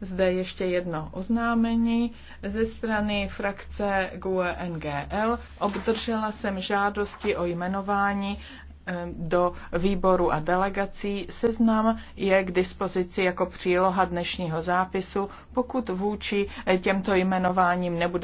zde ještě jedno oznámení ze strany frakce GUE NGL. Obdržela jsem žádosti o jmenování eh, do výboru a delegací. Seznam je k dispozici jako příloha dnešního zápisu. Pokud vůči eh, těmto jmenováním nebude